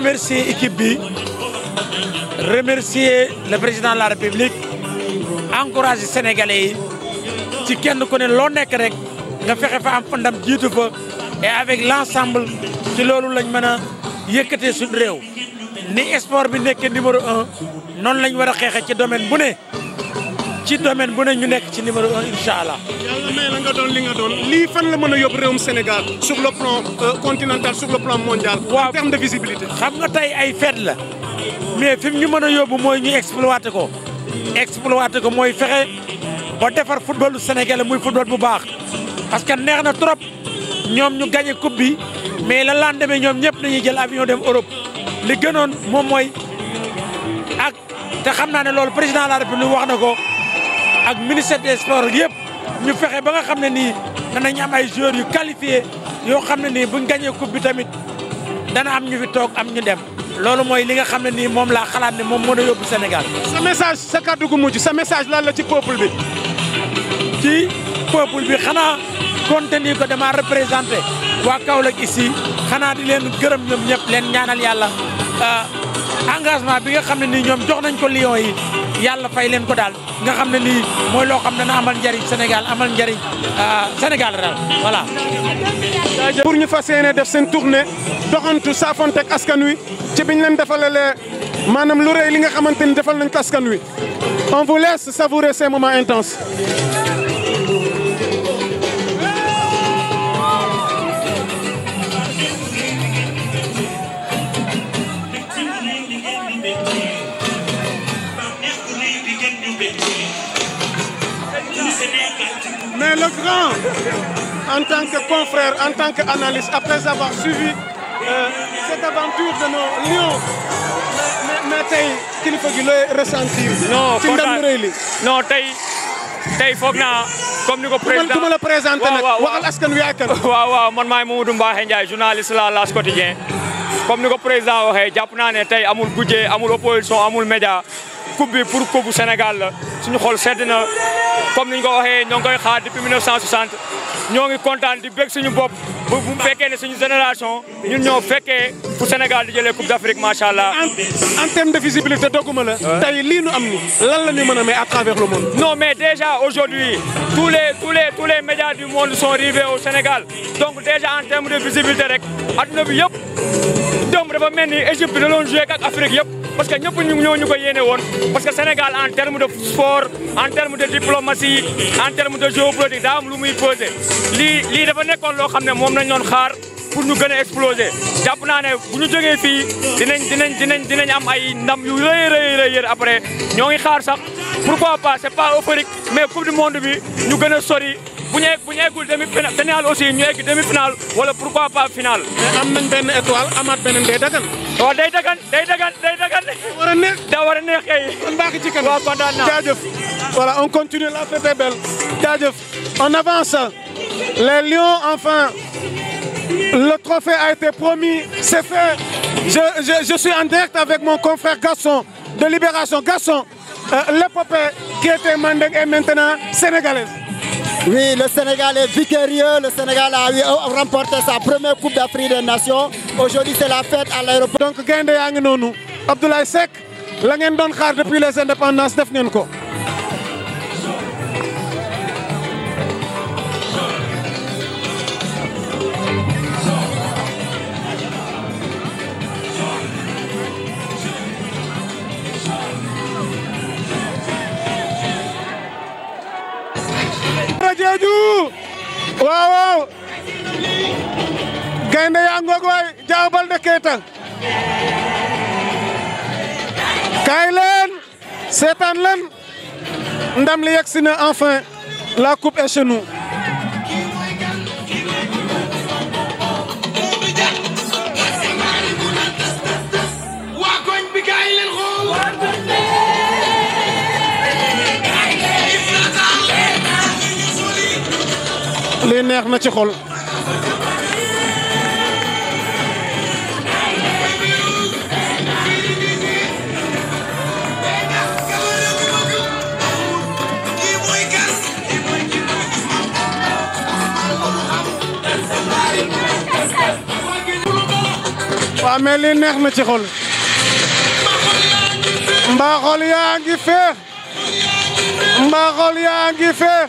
remercier équipe bi remercier le président de la république encourager sénégalais yi ci kenn ku ne loo nekk rek nga fexe fa am fa ndam jiitu fa et avec l' ensemble ci loolu lañ mën a yëkkatee suñu réew ni sport bi nekkee numéro un noonu lañ war a xeexee ci domaine bu ne ci domaine bu ne ñu nekk ci numéro un incha allah. yàlla may li nga doon lii fan la mën a yóbbu réewum Sénégal sur le plan euh, continental sur le plan mondial. waaw en xam nga tey ay fête la mais fi mu ñu mën a yóbbu mooy ñu exploité ko. exploité ko mooy fexe ba defar footballu Sénégal muy football bu baax parce que neex na trop ñoom ñu gagné coupe bi mais la lendemain ñoom ñëpp nañuy jël avion dem Europe li gënoon moom mooy ak te xam naa ne loolu président de la république wax na ko. ak ministère des sports yëpp ñu fexe ba nga xam ne nii danañ am ay joueurs yu qualifiés yoo xam ne nii buñ gagné coupe bi tamit dana am ñu fi toog am ñu dem. loolu mooy li nga xam ne nii moom laa xalaat ne moom moo doon yóbbu Sénégal. sa message sa kàddu gu mujj sa message lan la ci peuple bi. ci peuple bi xanaa compte ni ko dama représenté waa Kaolack ici xanaa di leen gërëm ñoom ñëpp leen ñaanal yàlla euh, engagement bi nga xam ne nii ñoom jox nañ ko lion yi. yàlla fay leen ko daal nga xam ne lii mooy loo xam ne na amal njariñ Sénégal amal njariñ a euh, Sénégal daal voilà. pour ñu fas yéene def seen tournée doxantu saafonte ak askan wi ci biñ leen defalalee maanaam lu rëy li nga xamante ni defal nañ ko askan wi on vous laisse savourer ces moments intenses. Mais le grand, tant que confrère, en tant qu'analyste, après avoir suivi euh, cette aventure de nos lions, mais tey kilifa gi looy ressentir. ci ndam rëy tey tey foog naa ko président du ma la présenté nag waxal askan wi journaliste la L'As Quotidien comme ni ko président waxee naa ne tey amul budget amul opposition amul média. coupe bi pour coupe Sénégal la ñu xool sedd na comme ni ñu ko waxee ñoo ngi koy xaar depuis 1960 ñoo ngi kontaan di bég suñu bopp bu bu fekkee ne suñu génération ñun ñoo fekkee fu Sénégal di jëlee coupe d'Afrique macha allah. en terme de visibilité dogguma la. tey lii nu am ni lan la ñu mën a may à travers le monde. non mais déjà aujourd'hui tous les tous les tous les médias du monde sont rivés au Sénégal donc déjà en terme de visibilité rek adduna bi yëpp démb dafa mel ni Égypte da doon joué ak yëpp. parce que ñëpp ñu ñoo ñu ko yéene woon parce que Sénégal en terme de sport en de diplomatie en de géopolitique daa am lu muy posé lii lii dafa nekkoon loo xam ne moom nañ doon xaar pour ñu gën a exploser jàpp naa ne bu ñu jógee fii dinañ dinañ dinañ dinañ am ay ndam yu rëy rëy rëy yër après ñoo ngi xaar sax pourquoi pas pa pas euphorique mais coupe du monde bi ñu gën a sori bu ñu bu ñu eggul demi final aussi ñu egg demi final wala pourquoi pas final. mais am nañ benn étoile amaat beneen day dagan. waaw oh, day dagan day dagan day dagan. daa la fête est avance. les lions enfin le trophée a été promis c'est fait je suis en direct avec mon confrère Gasson de Libération Gasson euh, l'épopée qui était mandingue est maintenant sénégalaise. oui le Sénégal est victorieux le Sénégal a remporté sa première Coupe d'Afrique des Nations. aujourd'hui c'est la fête à l'aéroport donc gaynde yaa ngi noonu Abdoulaye Seck la ngeen doon xaar depuis les indépendances def ngeen ko waaw waaw gaynde yaa ngoog waay Diaw Baldé Keita kaay ndam li yegsi enfin la coupe est chez lii neex na ci xol waa mais lii neex na ci xol mbaa xol yaa ngi feex mbaa xol yaa ngi feex